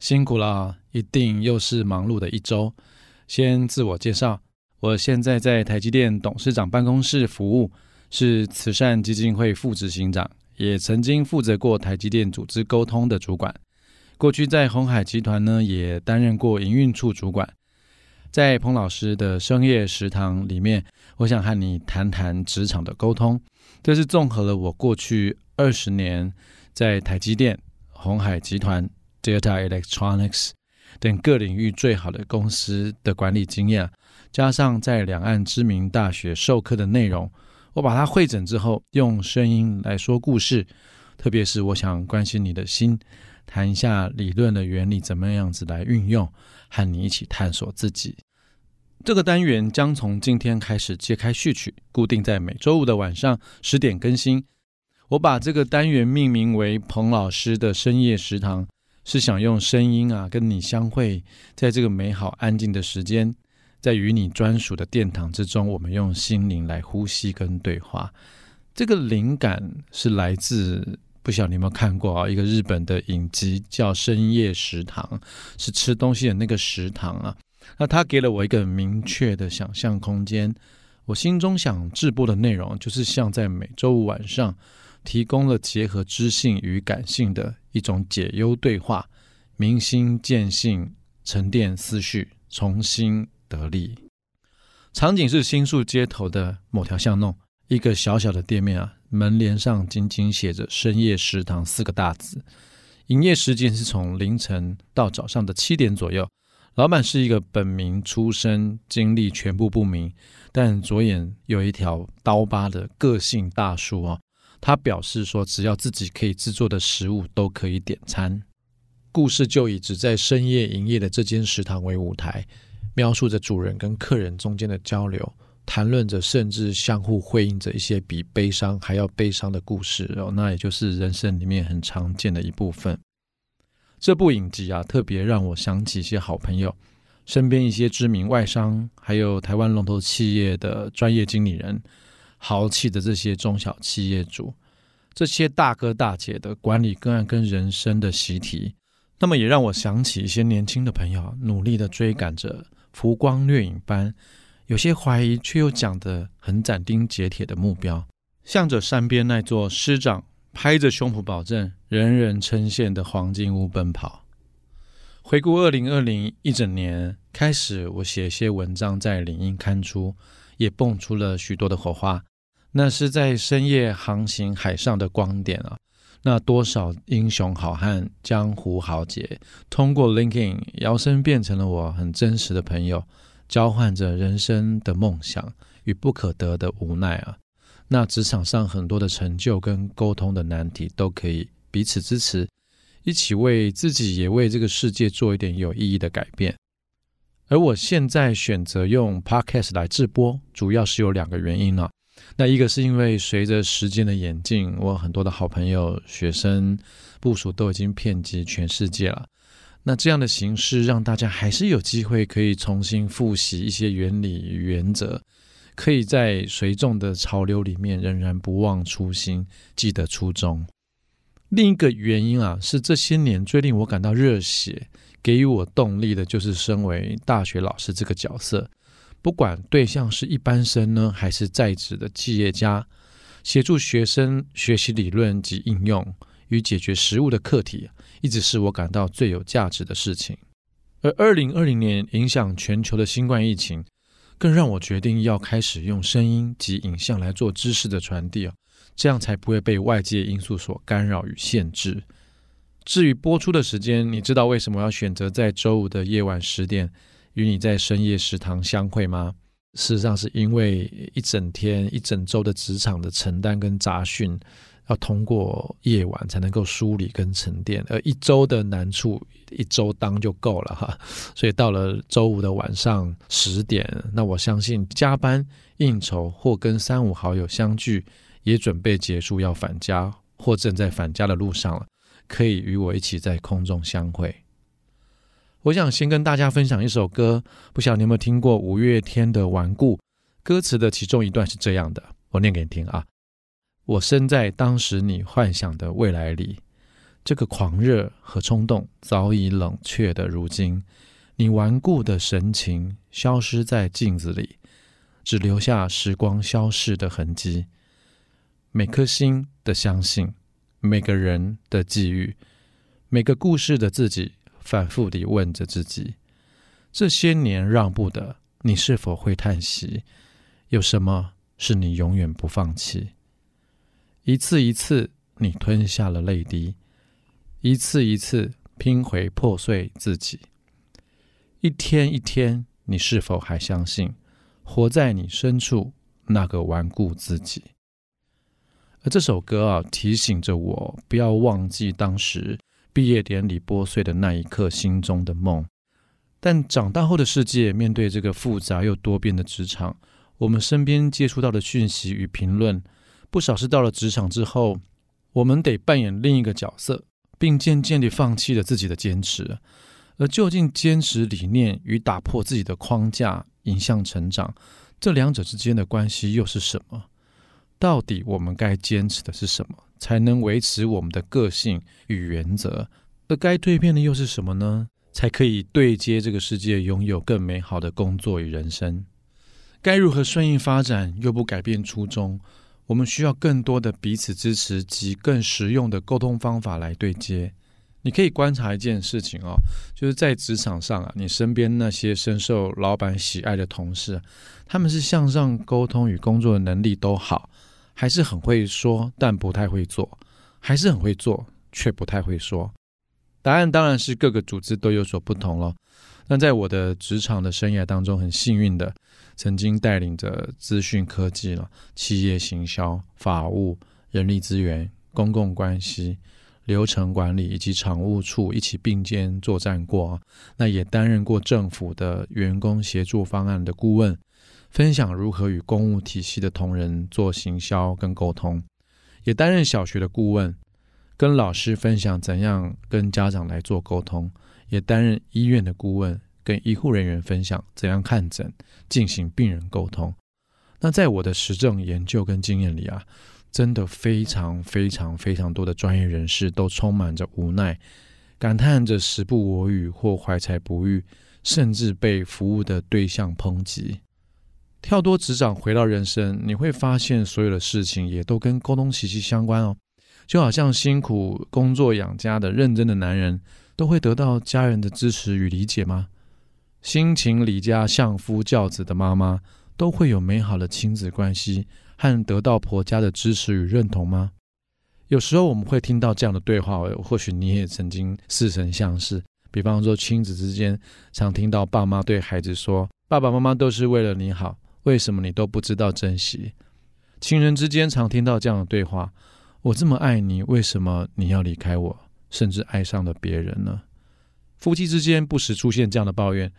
辛苦了，一定又是忙碌的一週。先自我介紹，我現在在台積電董事長辦公室服務，是慈善基金會副執行長，也曾經負責過台積電組織溝通的主管。過去在鴻海集團呢，也擔任過營運處主管。在彭老師的深夜食堂裡面，我想和你談談職場的溝通。這是綜合了我過去二十年在台積電、鴻海集團、Delta Electronics 等各領域最好的公司的管理經驗，加上在兩岸知名大學授課的內容，我把它彙整之後，用聲音來說故事。特別是我想關心你的心，談一下理論的原理怎麼樣子來運用，和你一起探索自己。這個單元將從今天開始揭開序曲，固定在每週五的晚上十點更新。我把這個單元命名為“彭老師的聲夜時堂”。是想用聲音啊，跟你相會，在這個美好安靜的時間，在與你專屬的殿堂之中，我們用心靈來呼吸跟對話。這個靈感是來自，不曉得你有沒有看過啊？一個日本的影集叫《深夜食堂》，是吃東西的那個食堂啊。那他給了我一個明確的想象空間。我心中想直播的內容，就是像在每周五晚上，提供了結合知性與感性的。一種解憂對話，明心見性，沉澱思緒，重新得力。場景是新宿街頭的某條巷弄，一個小小的店面啊，門簾上僅僅寫着“深夜食堂”四個大字。營業時間是從凌晨到早上的七點左右。老闆是一個本名、出身、經歷全部不明，但左眼有一條刀疤的個性大叔啊、哦。他表示說：“只要自己可以製作的食物都可以點餐。”故事就以只在深夜營業的這間食堂為舞台，描述着主人跟客人中間的交流，談論着甚至相互回應着一些比悲傷還要悲傷的故事。哦，那也就是人生裡面很常見的一部分。這部影集啊，特別讓我想起一些好朋友，身邊一些知名外商，還有台灣龍頭企業的專業經理人。豪氣的這些中小企業主，這些大哥大姐的管理個案跟人生的習題，那麼也讓我想起一些年輕的朋友，努力的追趕着浮光掠影般、有些懷疑卻又講得很斬釘截鐵的目標，向着山邊那座師長拍着胸脯保證、人人稱羨的黃金屋奔跑。回顧二零二零一整年，開始我寫一些文章在領英刊出，也蹦出了許多的火花。那是在深夜航行海上的光點啊，那多少英雄好漢、江湖豪傑，通過 LinkedIn 搖身變成了我很真實的朋友，交換着人生的夢想與不可得的無奈啊。那職場上很多的成就跟溝通的難題，都可以彼此支持，一起為自己也為這個世界做一點有意義的改變。而我現在選擇用 Podcast 來制播，主要是有兩個原因呢、啊。那一個是因為隨着時間的演進，我很多的好朋友、學生、部屬都已經遍及全世界了。那這樣的形式讓大家還是有機會可以重新複習一些原理原則，可以在隨眾的潮流裡面仍然不忘初心，記得初衷。另一個原因啊，是這些年最令我感到熱血、給予我動力的就是身為大學老師這個角色。不管對象是一般生呢，還是在職的企業家，協助學生學習理論及應用與解決實務的課題，一直是我感到最有價值的事情。而二零二零年影響全球的新冠疫情，更讓我決定要開始用聲音及影像來做知識的傳遞，這樣才不會被外界因素所干擾與限制。至於播出的時間，你知道為什麼要選擇在週五的夜晚十點？與你在深夜食堂相會嗎？事實上，是因為一整天、一整周的職場的承擔跟雜訊，要通過夜晚才能夠梳理跟沉澱。而一周的難處，一周當就夠了哈。 所以到了周五的晚上十點，那我相信加班、應酬或跟三五好友相聚，也準備結束要返家，或正在返家的路上了，可以與我一起在空中相會。我想先跟大家分享一首歌，不曉得你有沒有聽過五月天的《頑固》。歌詞的其中一段是這樣的，我念給你聽啊：我身在當時你幻想的未來裡，這個狂熱和衝動早已冷卻的如今，你頑固的神情消失在鏡子裡，只留下時光消逝的痕跡。每顆心的相信，每個人的際遇，每個故事的自己。反覆地問着自己：這些年讓步的你是否會嘆息？有什麼是你永遠不放棄？一次一次，你吞下了淚滴；一次一次，拼回破碎自己。一天一天，你是否還相信，活在你深處那個頑固自己？而這首歌啊，提醒着我不要忘記當時。畢業典禮撥穗的那一刻，心中的夢。但長大後的世界，面對這個複雜又多變的職場，我們身邊接觸到的訊息與評論，不少是到了職場之後，我們得扮演另一個角色，並漸漸地放棄了自己的堅持。而究竟堅持理念與打破自己的框架影響成長，這兩者之間的關係又是什麼？到底我們該堅持的是什麼？才能維持我們的個性與原則，而該蛻變的又是什麼呢？才可以對接這個世界，擁有更美好的工作與人生。該如何順應發展，又不改變初衷，我們需要更多的彼此支持及更實用的溝通方法來對接。你可以觀察一件事情哦，就是在職場上啊，你身邊那些深受老闆喜愛的同事，他們是向上溝通與工作的能力都好。還是很會說，但不太會做；還是很會做，卻不太會說。答案當然是各個組織都有所不同了。那在我的職場的生涯當中，很幸運的曾經帶領着資訊科技了、企業行銷、法務、人力資源、公共關係、流程管理以及廠務處一起並肩作戰過。那也擔任過政府的員工協助方案的顧問。分享如何與公務體系的同仁做行銷跟溝通，也擔任小學的顧問，跟老師分享怎樣跟家長來做溝通，也擔任醫院的顧問，跟醫護人員分享怎樣看診、進行病人溝通。那在我的實證研究跟經驗裡啊，真的非常非常非常多的專業人士都充滿着無奈，感嘆着時不我與或懷才不遇，甚至被服務的對象抨擊。跳多職場回到人生，你會發現所有的事情，也都跟溝通息息相關哦。就好像辛苦工作養家的認真的男人都會得到家人的支持與理解嗎？辛勤理家相夫教子的媽媽都會有美好的親子關係和得到婆家的支持與認同嗎？有時候我們會聽到這樣的對話，或許你也曾經似曾相識。比方說親子之間常聽到爸媽對孩子說：“爸爸媽媽都是為了你好。”為什麼你都不知道珍惜？情人之間常聽到這樣的對話：“我這麼愛你，為什麼你要離開我？甚至愛上了別人呢？”夫妻之間不時出現這樣的抱怨：“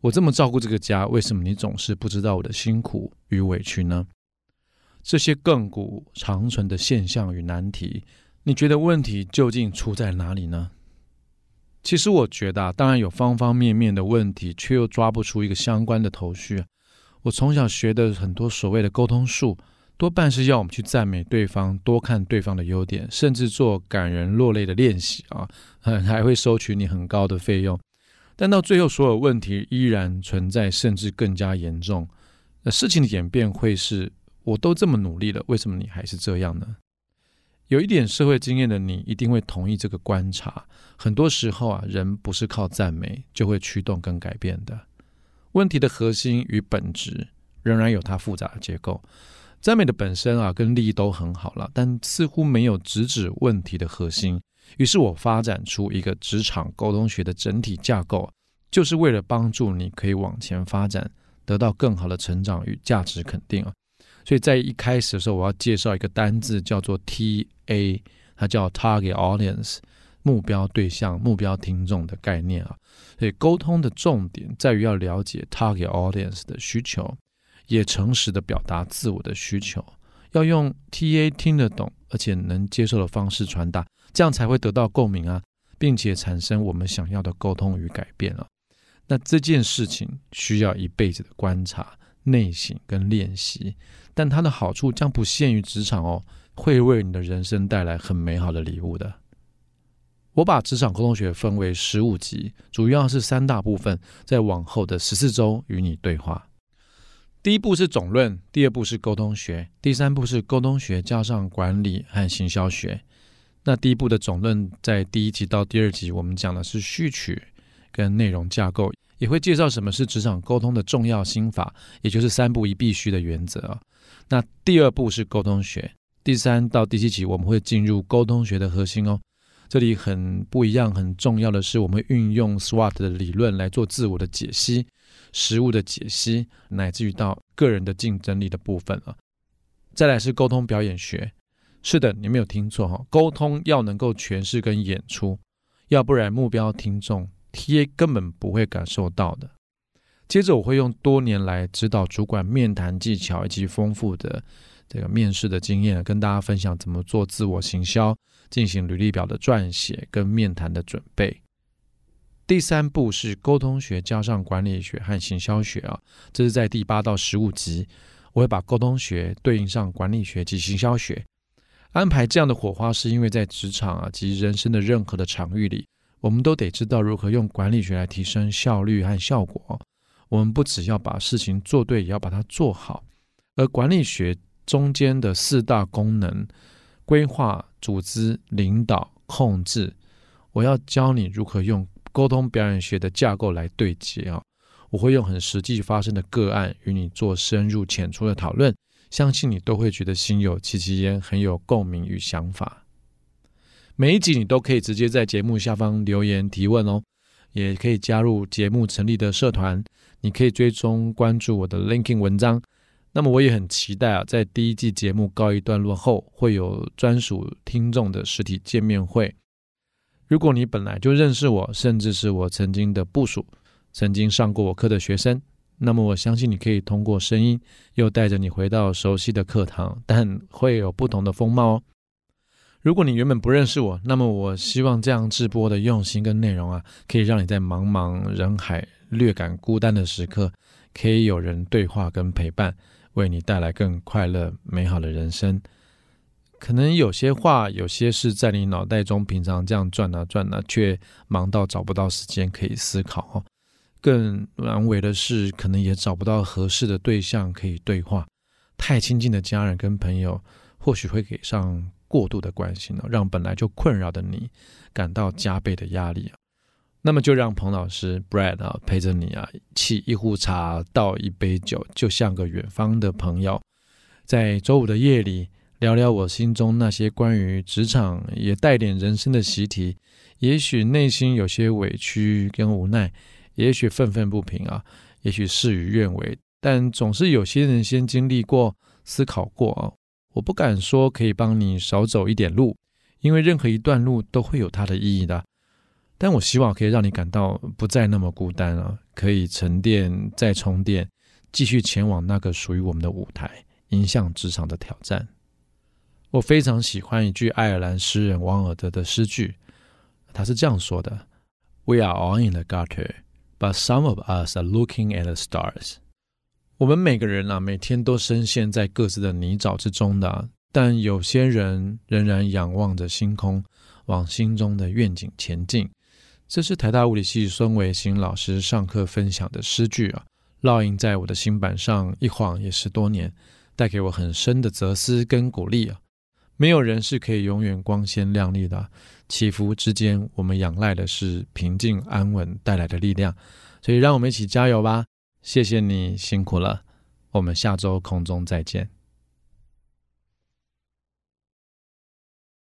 我這麼照顧這個家，為什麼你總是不知道我的辛苦與委屈呢？”這些亘古長存的現象與難題，你覺得問題究竟出在哪裡呢？其實，我覺得啊，當然有方方面面的問題，卻又抓不出一個相關的頭緒。我從小學的很多所謂的溝通術，多半是要我們去讚美對方，多看對方的優點，甚至做感人落淚的練習啊，還會收取你很高的費用。但到最後，所有問題依然存在，甚至更加嚴重。那事情的演變會是：我都這麼努力了，為什麼你還是這樣呢？有一點社會經驗的你，一定會同意這個觀察。很多時候啊，人不是靠讚美就會驅動跟改變的。問題的核心與本質仍然有它複雜的結構。讚美的本身啊，跟利益都很好了，但似乎沒有直指問題的核心。於是我發展出一個職場溝通學的整體架構，就是為了幫助你可以往前發展，得到更好的成長與價值肯定啊。所以在一開始的時候，我要介紹一個單字，叫做 TA，它叫 Target Audience。目標對象、目標聽眾的概念啊，所以溝通的重點在於要了解 target audience 的需求，也誠實的表達自我的需求，要用 TA 聽得懂而且能接受的方式傳達，這樣才會得到共鳴啊，並且產生我們想要的溝通與改變啊。那這件事情需要一輩子的觀察、內省跟練習，但它的好處將不限於職場哦，會為你的人生帶來很美好的禮物的。我把職場溝通學分為十五集，主要是三大部分，在往後的十四周與你對話。第一步是總論，第二步是溝通學，第三步是溝通學加上管理和行銷學。那第一步的總論在第一集到第二集，我們講的是序曲跟內容架構，也會介紹什麼是職場溝通的重要心法，也就是三步一必須的原則。那第二步是溝通學，第三到第七集我們會進入溝通學的核心哦。這裡很不一樣，很重要的是，我們運用 SWOT 的理論來做自我的解析、實物的解析，乃至於到個人的競爭力的部分啊，再來是溝通表演學，是的，你沒有聽錯哈、哦，溝通要能夠詮釋跟演出，要不然目標聽眾 TA 根本不會感受到的。接着我會用多年來指導主管面談技巧以及豐富的這個面試的經驗、啊，跟大家分享怎麼做自我行銷。進行履歷表的撰寫跟面談的準備。第三步是溝通學加上管理學和行銷學啊，這是在第八到十五集，我會把溝通學對應上管理學及行銷學。安排這樣的火花，是因為在職場啊及人生的任何的場域裡，我們都得知道如何用管理學來提升效率和效果。我們不只要把事情做對，也要把它做好。而管理學中間的四大功能，規劃、組織、領導、控制，我要教你如何用溝通表演學的架構來對接啊！我會用很實際發生的個案與你做深入淺出的討論，相信你都會覺得心有戚戚焉，很有共鳴與想法。每一集你都可以直接在節目下方留言提問哦，也可以加入節目成立的社團，你可以追蹤關注我的 Linking 文章。那麼我也很期待啊，在第一季節目告一段落後，會有專屬聽眾的實體見面會。如果你本來就認識我，甚至是我曾經的部屬，曾經上過我課的學生，那麼我相信你可以通過聲音，又帶着你回到熟悉的課堂，但會有不同的風貌哦。如果你原本不認識我，那麼我希望這樣直播的用心跟內容啊，可以讓你在茫茫人海略感孤單的時刻，可以有人對話跟陪伴。為你帶來更快樂、美好的人生。可能有些話、有些事，在你腦袋中平常這樣轉啊轉啊，卻忙到找不到時間可以思考哦。更難為的是，可能也找不到合適的對象可以對話。太親近的家人跟朋友，或許會給上過度的關心哦，讓本來就困擾的你感到加倍的壓力啊。那麼就讓彭老師 Brad 啊陪着你啊，沏一壺茶，倒一杯酒，就像個遠方的朋友，在週五的夜裡聊聊我心中那些關於職場也帶點人生的習題。也許內心有些委屈跟無奈，也許憤憤不平啊，也許事與願違，但總是有些人先經歷過、思考過啊。我不敢說可以幫你少走一點路，因為任何一段路都會有它的意義的。但我希望可以讓你感到不再那麼孤單了、啊，可以沉澱、再充電，繼續前往那個屬於我們的舞台，迎向職場的挑戰。我非常喜歡一句愛爾蘭詩人王爾德的詩句，他是這樣說的：“We are all in the gutter, but some of us are looking at the stars。”我們每個人啊，每天都深陷在各自的泥沼之中的、啊，但有些人仍然仰望着星空，往心中的願景前進。這是台大物理系孫維新老師上課分享的詩句啊，烙印在我的心板上，一晃也是多年，帶給我很深的哲思跟鼓勵啊。沒有人是可以永遠光鮮亮麗的，起伏之間，我們仰賴的是平靜安穩帶來的力量。所以，讓我們一起加油吧！謝謝你辛苦了，我們下周空中再見。